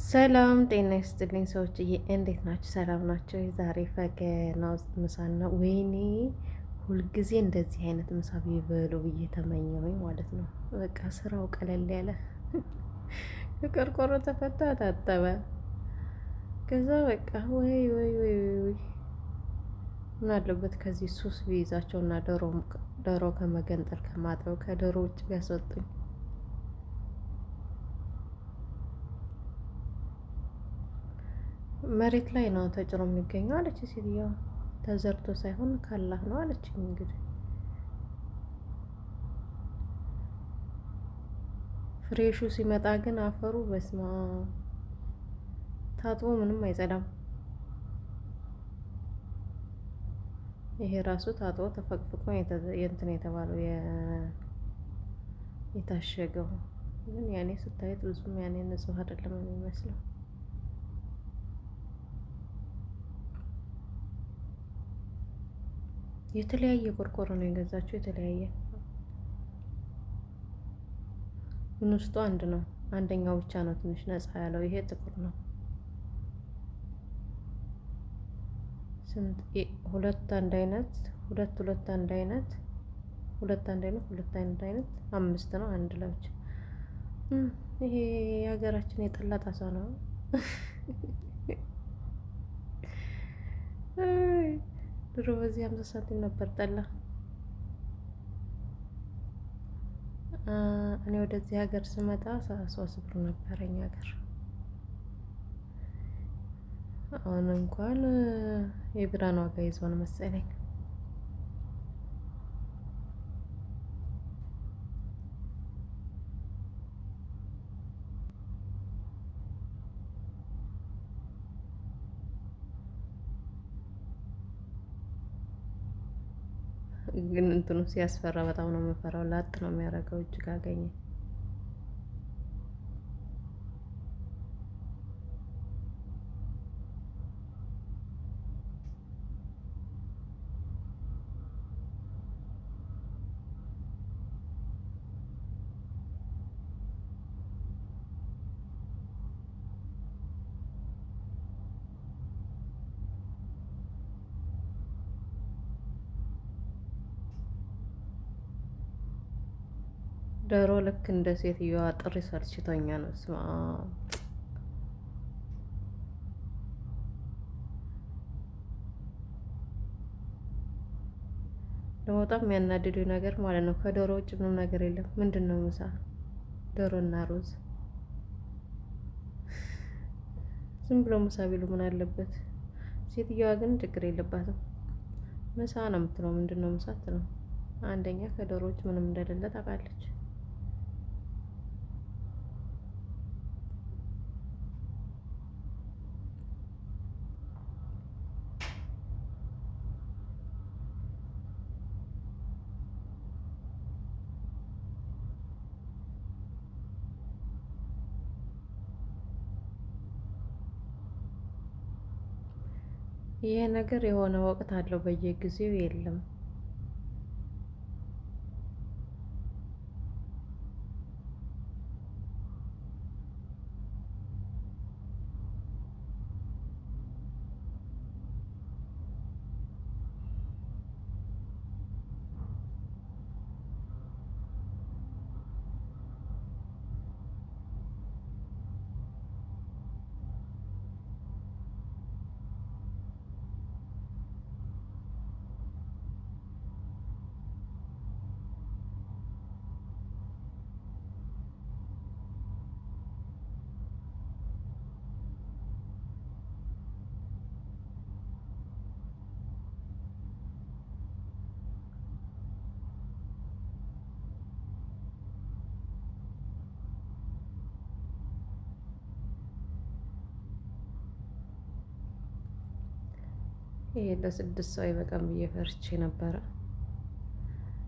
ሰላም ጤና ይስጥልኝ ሰዎችዬ፣ እንዴት ናቸው ሰላም ናቸው። ዛሬ ፈገናው ምሳና ወይኔ ሁልጊዜ እንደዚህ አይነት ምሳ ቢበሉ ብዬ ተመኘሁኝ ማለት ነው። በቃ ስራው ቀለል ያለ ከቆርቆሮ ተፈታ ታጠበ፣ ከዛ በቃ ወይ ወይ ወይ ወይ ምን አለበት ከዚህ ሱስ ቢይዛቸው እና ዶሮ ከመገንጠል ከማጠብ ከዶሮ ውጭ ቢያስወጡኝ መሬት ላይ ነው ተጭኖ የሚገኘው አለች ሴትዮዋ። ተዘርቶ ሳይሆን ካላህ ነው አለች። እንግዲህ ፍሬሹ ሲመጣ ግን አፈሩ በስማ ታጥቦ ምንም አይጸዳም። ይሄ ራሱ ታጥቦ ተፈቅፍቆ የእንትን የተባለው የታሸገው ግን ያኔ ስታየት ብዙም ያኔ ንጹህ አይደለም የሚመስለው። የተለያየ ቆርቆሮ ነው የገዛችው። የተለያየ ምን ውስጡ አንድ ነው። አንደኛው ብቻ ነው ትንሽ ነፃ ያለው። ይሄ ጥቁር ነው። ሁለት አንድ አይነት ሁለት ሁለት አንድ አይነት ሁለት አንድ አይነት ሁለት አንድ አይነት አምስት ነው። አንድ ለብቻ ይሄ የሀገራችን የጠላ ጣሳ ነው። ድሮ በዚህ ሀምሳ ሳንቲም ነበር ጠላ። እኔ ወደዚህ ሀገር ስመጣ ሰላሳ ሶስት ብር ነበረኝ ሀገር። አሁን እንኳን የቢራን ዋጋ ይዟል መሰለኝ። ግን እንትኑ ሲያስፈራ በጣም ነው የምፈራው። ላጥ ነው የሚያደርገው እጅግ አገኘ ዶሮ ልክ እንደ ሴትዮዋ ጥሪ ሰልችቶኛ ነው። ስማ ለመውጣት የሚያናድዱ ነገር ማለት ነው። ከዶሮ ውጭ ምንም ነገር የለም። ምንድን ነው ምሳ? ዶሮ እና ሩዝ። ዝም ብሎ ምሳ ቢሉ ምን አለበት? ሴትዮዋ ግን ችግር የለባትም። ምሳ ነው የምትለው። ምንድን ነው ምሳ ትለው። አንደኛ ከዶሮ ውጭ ምንም እንደሌለ ታውቃለች። ይሄ ነገር የሆነ ወቅት አለው፣ በየጊዜው የለም። ይሄ ለስድስት ሰው አይበቃም ብዬ ነበረ።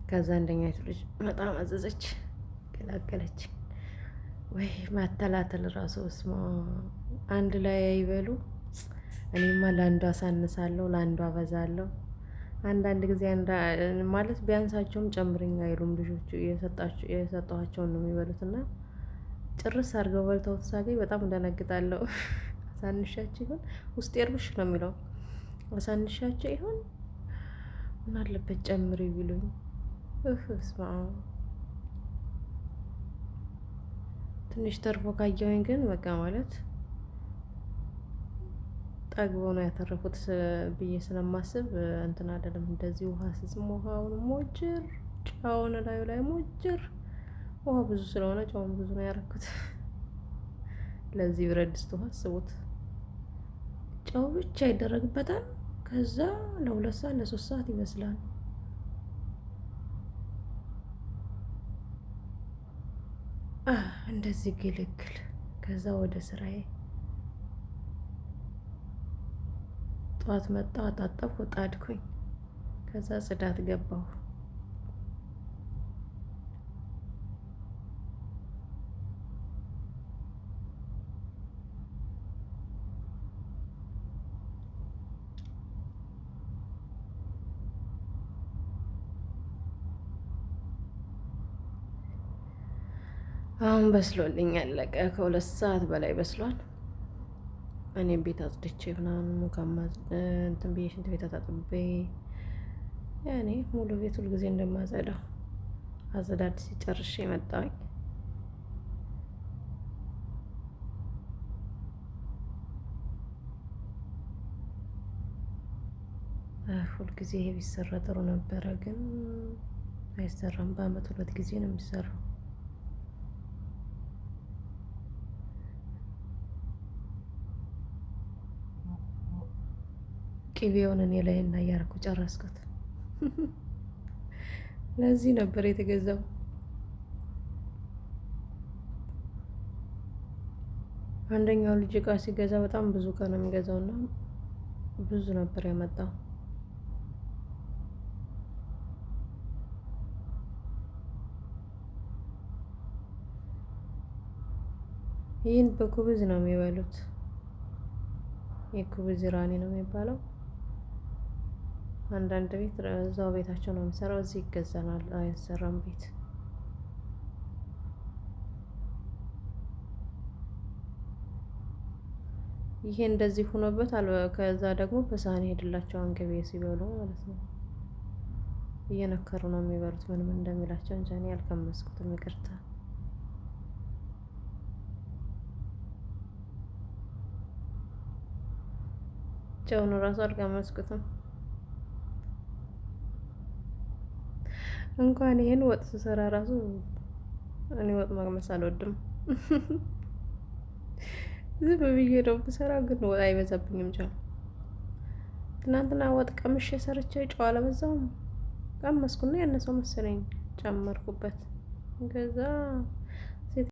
ከዛ አንደኛ ልጅ በጣም አዘዘች፣ ቀላቀለች። ወይ ማተላተል ራሱ ስማ፣ አንድ ላይ አይበሉ። እኔማ ለአንዷ አሳንሳለሁ፣ ለአንዷ አበዛለሁ። አንዳንድ ጊዜ ማለት ቢያንሳቸውም ጨምርኝ አይሉም ልጆቹ። የሰጠኋቸውን ነው የሚበሉትና ጭርስ አድርገው በልተውት ሳገኝ በጣም እንደነግጣለሁ። አሳንሻችሁ ግን ውስጤ የርብሽ ነው የሚለው አሳንሻቸው ይሆን ምን አለበት ጨምሪ ብሉኝ። እስማ ትንሽ ተርፎ ካየውኝ ግን በቃ ማለት ጠግቦ ነው ያተረፉት ብዬ ስለማስብ እንትን አይደለም። እንደዚህ ውሃ ስስም ውሃውን ሞጅር ጫውን ላዩ ላይ ሞጅር ውሃ ብዙ ስለሆነ ጫውን ብዙ ነው ያደረኩት። ለዚህ ብረት ድስት ውሃ አስቡት፣ ጫው ብቻ ይደረግበታል። ከዛ ለሁለት ሰዓት ለሶስት ሰዓት ይመስላል እንደዚህ ግልግል። ከዛ ወደ ስራዬ ጠዋት መጣሁ፣ አጣጠብኩ፣ ጣድኩኝ። ከዛ ጽዳት ገባሁ። አሁን በስሎልኝ ያለቀ ከሁለት ሰዓት በላይ በስሏል። እኔ ቤት አጽድቼ ምናምን ሙካማ ብዬ ሽንት ቤት አጣጥቤ ያኔ ሙሉ ቤት ሁልጊዜ እንደማጸዳው አጸዳድ ሲጨርሽ የመጣኝ ሁልጊዜ ይሄ ቢሰራ ጥሩ ነበረ፣ ግን አይሰራም። በአመት ሁለት ጊዜ ነው የሚሰራው። ቅቤውን እኔ ላይ እና እያረኩ ጨረስኩት። ለዚህ ነበር የተገዛው። አንደኛው ልጅ እቃ ሲገዛ በጣም ብዙ እቃ ነው የሚገዛው እና ብዙ ነበር ያመጣው። ይህን በኩብዝ ነው የሚበሉት። የኩብዝ ራኒ ነው የሚባለው። አንዳንድ ቤት እዛው ቤታቸው ነው የሚሰራው። እዚህ ይገዛናል፣ አይሰራም ቤት ይሄ እንደዚህ ሆኖበት ከዛ ደግሞ በሳህን ሄድላቸው አንገቤ ሲበሉ ማለት ነው። እየነከሩ ነው የሚበሉት። ምንም እንደሚላቸው እንጃ እኔ ያልቀመስኩትም ይቅርታ። ጨውን ራሱ አልቀመስኩትም። እንኳን ይሄን ወጥ ስሰራ ራሱ እኔ ወጥ መቅመስ አልወድም። ዝም ብዬ ነው ብሰራ፣ ግን ወጥ አይበዛብኝም። ጫው ትናንትና ወጥ ቀምሼ ሰርቼ ጨው አለበዛውም። ቀመስኩና ያነሰው መሰለኝ ጨመርኩበት ገዛ